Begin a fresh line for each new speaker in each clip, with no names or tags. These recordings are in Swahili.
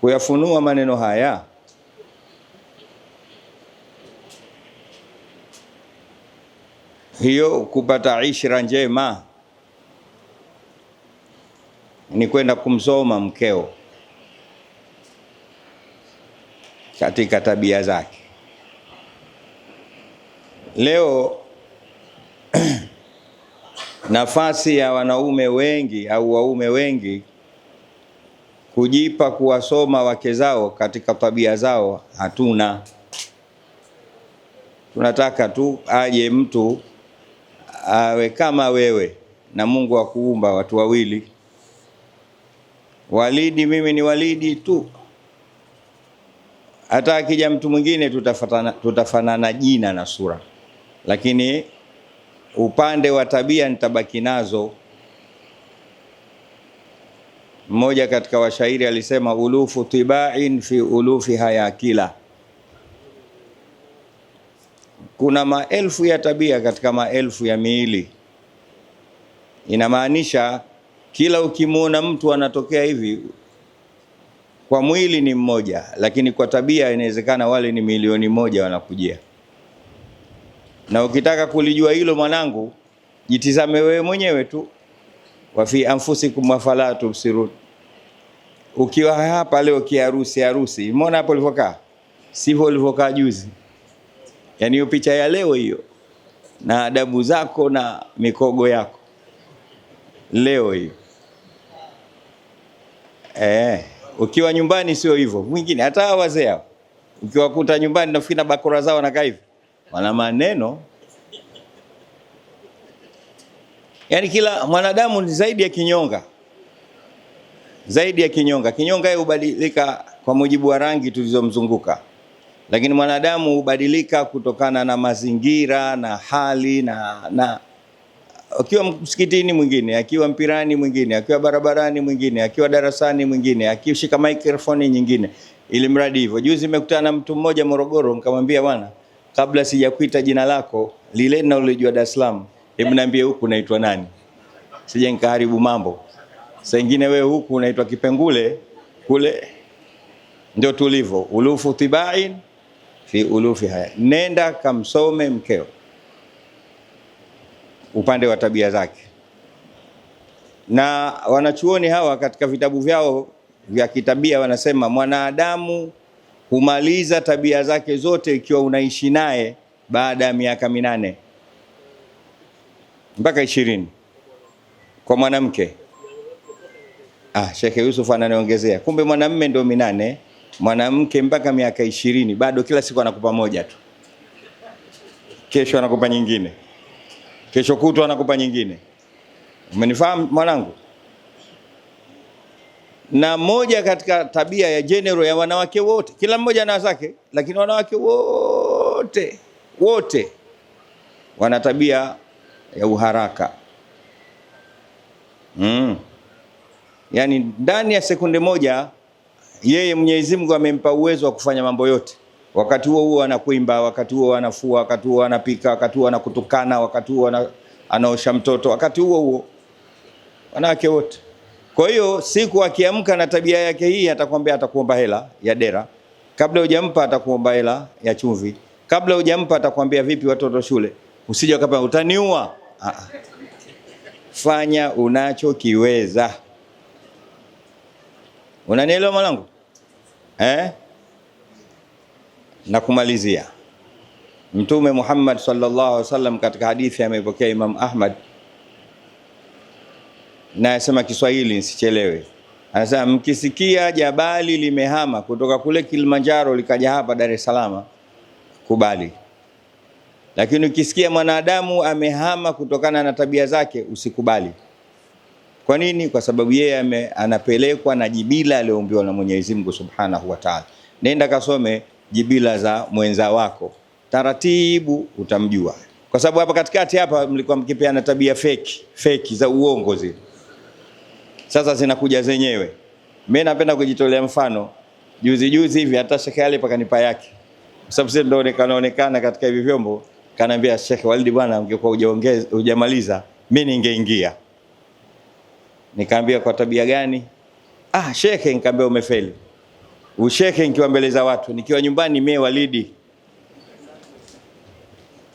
kuyafunua maneno haya hiyo kupata ishra njema ni kwenda kumsoma mkeo katika tabia zake. Leo nafasi ya wanaume wengi au waume wengi kujipa kuwasoma wake zao katika tabia zao hatuna. Tunataka tu aje mtu awe kama wewe na Mungu akuumba watu wawili. Walidi mimi ni Walidi tu, hata akija mtu mwingine tutafanana, tutafanana jina na sura, lakini upande wa tabia nitabaki nazo. Mmoja katika washairi alisema, ulufu tibain fi ulufi kila kuna maelfu ya tabia katika maelfu ya miili. Inamaanisha kila ukimwona mtu anatokea hivi, kwa mwili ni mmoja, lakini kwa tabia inawezekana wale ni milioni moja wanakujia. Na ukitaka kulijua hilo mwanangu, jitizame wewe mwenyewe tu wa fi anfusikum afala tubsirun. Ukiwa hapa leo kiharusi harusi, umeona hapo ulivyokaa, sivyo ulivyokaa juzi. yani hiyo picha ya leo hiyo na adabu zako na mikogo yako leo hiyo eh. Ukiwa nyumbani sio hivyo. Mwingine hata wazee hao ukiwakuta nyumbani, nafikiri na bakora zao wanakaa hivi, wana maneno Yaani kila mwanadamu ni zaidi ya kinyonga, zaidi ya kinyonga. Kinyonga yeye hubadilika kwa mujibu wa rangi tulizomzunguka, lakini mwanadamu hubadilika kutokana na mazingira na hali na, na akiwa msikitini mwingine, akiwa mpirani mwingine, akiwa barabarani mwingine, akiwa darasani mwingine, akishika maikrofoni nyingine, ili mradi hivyo. Juzi nimekutana na mtu mmoja Morogoro, nikamwambia bwana, kabla sijakuita jina lako lile ninalojua Dar es Salaam Hebu niambie huku unaitwa nani? Sije nikaharibu mambo. Saa ingine wewe huku unaitwa kipengule, kule ndio tulivyo. Ulufu tibain fi ulufi haya. Nenda kamsome mkeo upande wa tabia zake. Na wanachuoni hawa katika vitabu vyao vya kitabia wanasema mwanadamu humaliza tabia zake zote ikiwa unaishi naye baada ya miaka minane mpaka ishirini kwa mwanamke. Ah, Shekhe Yusuf ananiongezea, kumbe mwanamme ndio minane, mwanamke mpaka miaka ishirini bado kila siku anakupa moja tu, kesho anakupa nyingine, kesho kutwa anakupa nyingine. Umenifahamu mwanangu? Na moja katika tabia ya general ya wanawake wote, kila mmoja ana zake, lakini wanawake wote wote wana tabia ya uharaka mm. Yaani ndani ya sekunde moja yeye Mwenyezi Mungu amempa uwezo wa kufanya mambo yote. Wakati huo huo anakuimba, wakati huo anafua, wakati huo anapika, wakati huo anakutukana, wakati huo anaosha mtoto, wakati huo huo wanawake wote. Kwa hiyo siku akiamka na tabia yake hii, atakwambia atakuomba hela ya dera, kabla hujampa atakuomba hela ya chumvi, kabla hujampa atakwambia vipi watoto shule usije ukapa utaniua. Ah, ah. Fanya unachokiweza, unanielewa mwanangu eh? Na kumalizia Mtume Muhammad sallallahu alaihi wasallam katika hadithi amepokea Imam Ahmad na Kiswahili nisichelewe, anasema mkisikia jabali limehama kutoka kule Kilimanjaro likaja hapa Dar es Salaam, kubali lakini ukisikia mwanadamu amehama kutokana na tabia zake, usikubali. Kwa nini? Kwa sababu yeye anapelekwa na jibila aliyoumbiwa na Mwenyezi Mungu Subhanahu wa Ta'ala. Nenda kasome jibila za mwenza wako taratibu, utamjua. Kwa sababu hapa katikati hapa mlikuwa mkipeana tabia feki feki za uongo zile, sasa zinakuja zenyewe. Mimi napenda kujitolea mfano, juzi juzi hivi hata shekhe Ali pakanipa yake, kwa sababu sisi ndio onekana katika hivi vyombo Kanaambia Sheikh Walidi, bwana, ungekuwa hujaongeza hujamaliza mimi ningeingia. Nikaambia kwa tabia gani? Ah, Sheikh, nikaambia umefeli. Ushekhe nikiwa mbele za watu, nikiwa nyumbani mimi Walidi.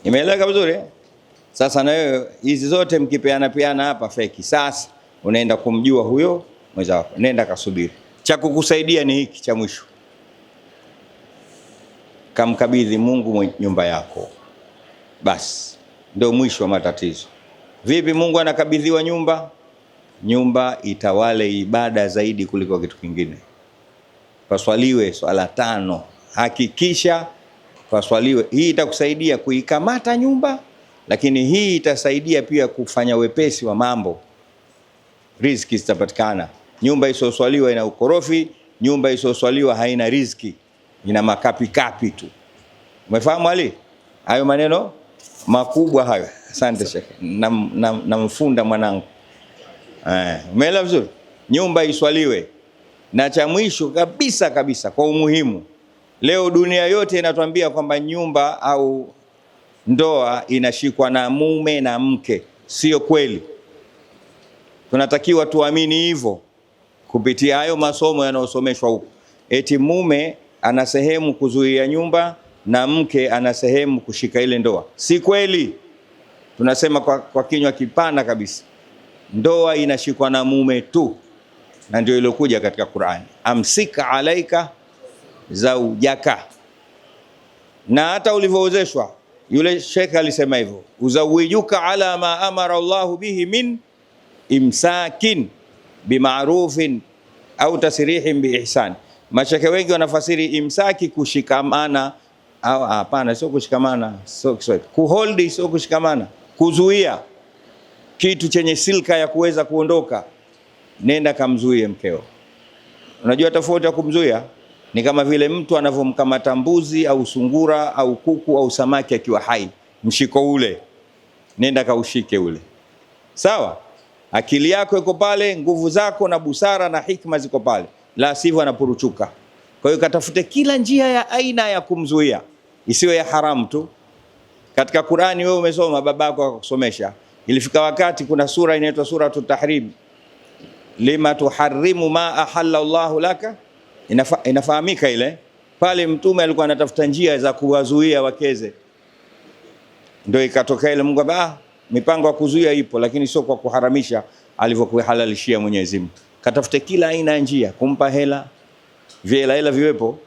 Imeeleweka vizuri? Eh? Sasa na wewe hizi zote mkipeana peana hapa feki. Sasa unaenda kumjua huyo mwenza wako. Nenda kasubiri. Cha kukusaidia ni hiki cha mwisho. Kamkabidhi Mungu nyumba yako basi ndio mwisho wa matatizo. Vipi Mungu anakabidhiwa nyumba? Nyumba itawale ibada zaidi kuliko kitu kingine. Paswaliwe swala tano, hakikisha paswaliwe. Hii itakusaidia kuikamata nyumba, lakini hii itasaidia pia kufanya wepesi wa mambo, riziki zitapatikana. Nyumba isiyoswaliwa ina ukorofi, nyumba isiyoswaliwa haina riziki, ina makapikapi tu. Umefahamu hali hayo maneno? makubwa hayo. Asante Sheikh, namfunda na, na mwanangu. Eh, umeelewa vizuri, nyumba iswaliwe. Na cha mwisho kabisa kabisa kwa umuhimu, leo dunia yote inatuambia kwamba nyumba au ndoa inashikwa na mume na mke. Sio kweli, tunatakiwa tuamini hivyo kupitia hayo masomo yanayosomeshwa huko, eti mume ana sehemu kuzuia nyumba na mke ana sehemu kushika ile ndoa. Si kweli, tunasema kwa, kwa kinywa kipana kabisa, ndoa inashikwa na mume tu, na ndio iliyokuja katika Qur'ani, amsika alaika zaujaka. Na hata ulivyoozeshwa yule shekhe alisema hivyo, uzawijuka ala ma amara Allahu bihi min imsakin bimarufin au tasrihin biihsan. Mashekhe wengi wanafasiri imsaki kushikamana Hapana, sio kushikamana, sio Kiswahili. sio kushikamana, kuzuia kitu chenye silka ya kuweza kuondoka. Nenda kamzuie mkeo. Unajua tofauti ya kumzuia ni kama vile mtu anavyomkamata mbuzi au sungura au kuku au samaki akiwa hai. Mshiko ule, nenda kaushike ule, sawa. Akili yako iko pale, nguvu zako na busara na hikma ziko pale, la sivyo anapuruchuka. Kwa hiyo katafute kila njia ya aina ya kumzuia isiwe ya haramu tu. Katika Qur'ani wewe umesoma, babako akakusomesha. Ilifika wakati kuna sura inaitwa suratu tahrim, lima tuharimu ma ahalla Allahu laka, inafahamika ile pale. Mtume alikuwa anatafuta njia za kuwazuia wakeze, ndio ikatokea ile Mungu ah, mipango ya kuzuia ipo, lakini sio kwa kuharamisha alivyokuhalalishia Mwenyezi Mungu. Katafute kila aina ya njia, kumpa hela, vile hela viwepo,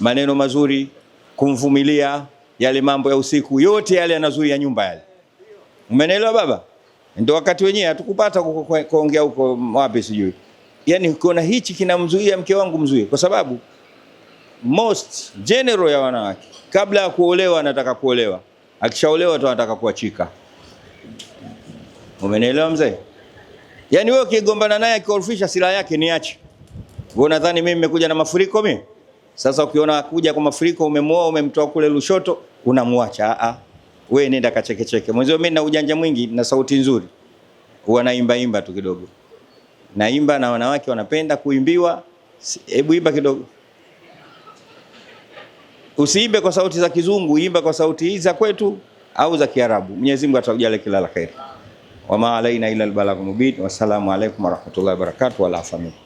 maneno mazuri kumvumilia yale mambo ya usiku yote yale yanazuia ya nyumba yale. Umenielewa baba? Ndio wakati wenyewe hatukupata kuongea huko wapi sijui. Yaani kuna hichi kinamzuia mke wangu mzuie, kwa sababu most general ya wanawake kabla ya kuolewa anataka kuolewa, akishaolewa tu anataka kuachika. Umenielewa mzee? Yaani wewe ukigombana naye akikorofisha silaha yake niache. Wewe unadhani mimi nimekuja na mafuriko mimi? Sasa ukiona kuja kwa mafuriko umemwoa umemtoa kule Lushoto unamwacha a a, wewe nenda kachekecheke. Mwenzio mimi na ujanja mwingi na sauti nzuri, huwa naimba imba tu kidogo, naimba na wanawake wanapenda kuimbiwa. Hebu imba kidogo, usiimbe kwa sauti za kizungu, imba kwa sauti hizi za kwetu au za Kiarabu. Mwenyezi Mungu atakujalia kila la kheri. Wama alaina ila albalagh mubin. Wassalamu alaykum wa rahmatullahi warahmatullahi wabarakatuh. wala afamia